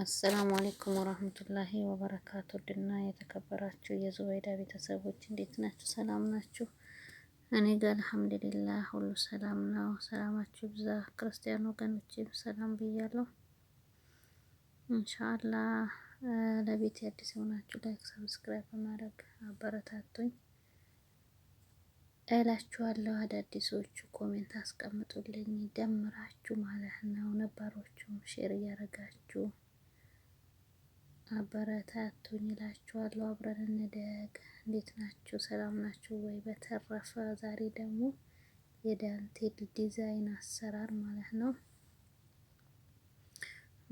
አሰላሙ አሌይኩም ወራህመቱላሂ ወበረካቱ ድና የተከበራችሁ የዙበይዳ ቤተሰቦች እንዴት ናችሁ? ሰላም ናችሁ? እኔ ጋ አልሐምዱሊላህ ሁሉ ሰላም ነው። ሰላማችሁ ብዛ። ክርስቲያን ወገኖችም ሰላም ብያለሁ። እንሻላ ለቤት አዲስ የሆናችሁ ላይክ፣ ሰብስክራይብ በማድረግ አበረታቱኝ እላችኋለሁ። አዳዲሶቹ ኮሜንት አስቀምጡልኝ ደምራችሁ ማለት ነው። ነባሮቹም ሼር እያደረጋችሁ አበረታቱኝ እላችኋለሁ። አብረን እንደግ። እንዴት ናችሁ? ሰላም ናችሁ ወይ? በተረፈ ዛሬ ደግሞ የዳንቴል ዲዛይን አሰራር ማለት ነው።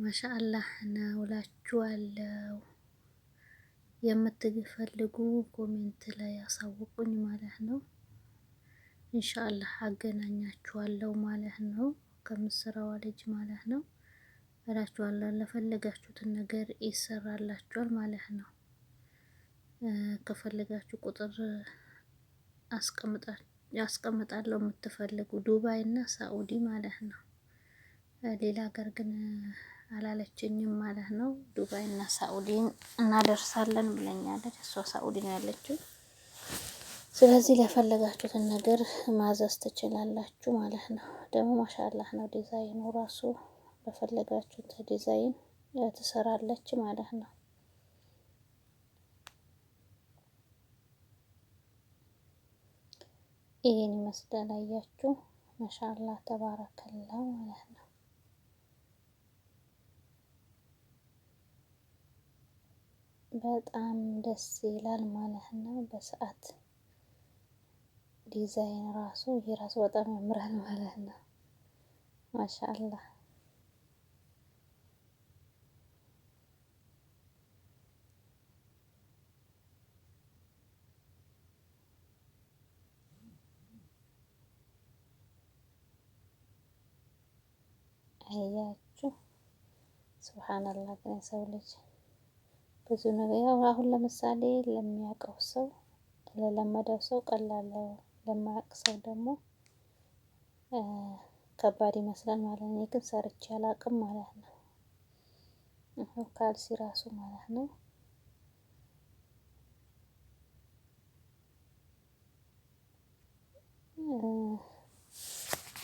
ማሻአላህ ነው እላችኋለሁ። የምትፈልጉ ኮሜንት ላይ አሳውቁኝ ማለት ነው። ኢንሻአላህ አገናኛችኋለሁ ማለት ነው። ከምሰራዋ ልጅ ማለት ነው። እላችኋለሁ። ለፈለጋችሁትን ነገር ይሰራላችኋል ማለት ነው። ከፈለጋችሁ ቁጥር አስቀምጣለሁ የምትፈልጉ ዱባይ እና ሳኡዲ ማለት ነው። ሌላ ሀገር ግን አላለችኝም ማለት ነው። ዱባይ እና ሳኡዲ እናደርሳለን ብለኛለች። እሷ ሳኡዲ ነው ያለችው። ስለዚህ ለፈለጋችሁትን ነገር ማዘዝ ትችላላችሁ ማለት ነው። ደግሞ ማሻላህ ነው ዲዛይኑ ራሱ በፈለጋችሁት ዲዛይን ትሰራለች ማለት ነው። ይህን ይመስላል አያችሁ። ማሻላ ተባረከላ ማለት ነው። በጣም ደስ ይላል ማለት ነው። በሰዓት ዲዛይን ራሱ ይህ ራሱ በጣም ያምራል ማለት ነው። ማሻአላህ አያችሁ ሱብሃንአላህ። ግን የሰው ልጅ ብዙ ነገር ያው አሁን ለምሳሌ ለሚያውቀው ሰው ለለመደው ሰው ቀላል፣ ለማያውቅ ሰው ደግሞ ከባድ ይመስላል ማለት ነው። ግን ሰርቼ አላውቅም ማለት ነው። ይኸው ካልሲ ራሱ ማለት ነው።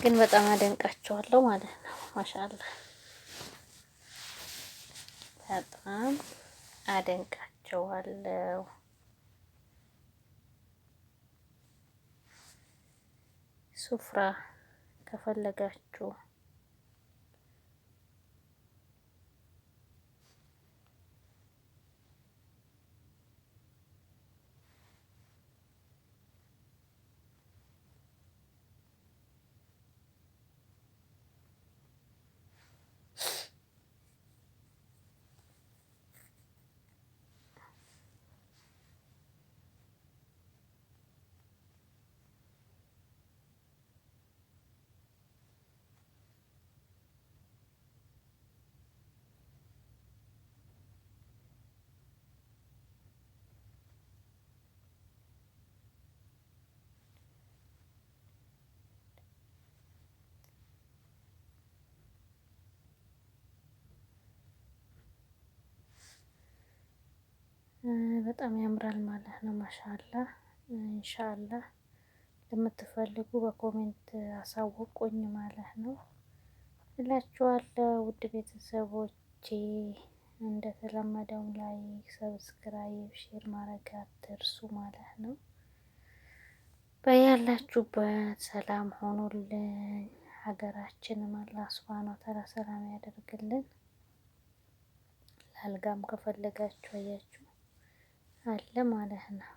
ግን በጣም አደንቃቸዋለሁ ማለት ነው። ማሻአላ በጣም አደንቃቸዋለሁ። ሱፍራ ከፈለጋችሁ በጣም ያምራል ማለት ነው። ማሻአላ ኢንሻአላ ለምትፈልጉ በኮሜንት አሳውቁኝ ማለት ነው እላችኋለሁ። ውድ ቤተሰቦቼ እንደተለመደው ላይክ፣ ሰብስክራይብ፣ ሼር ማድረግ አትርሱ ማለት ነው። በያላችሁበት ሰላም ሆኑልኝ። ሀገራችንም አላህ ሱብሃነሁ ወተዓላ ሰላም ያደርግልን። ለአልጋም ከፈለጋችሁ አያችሁ አለ ማለት ነው።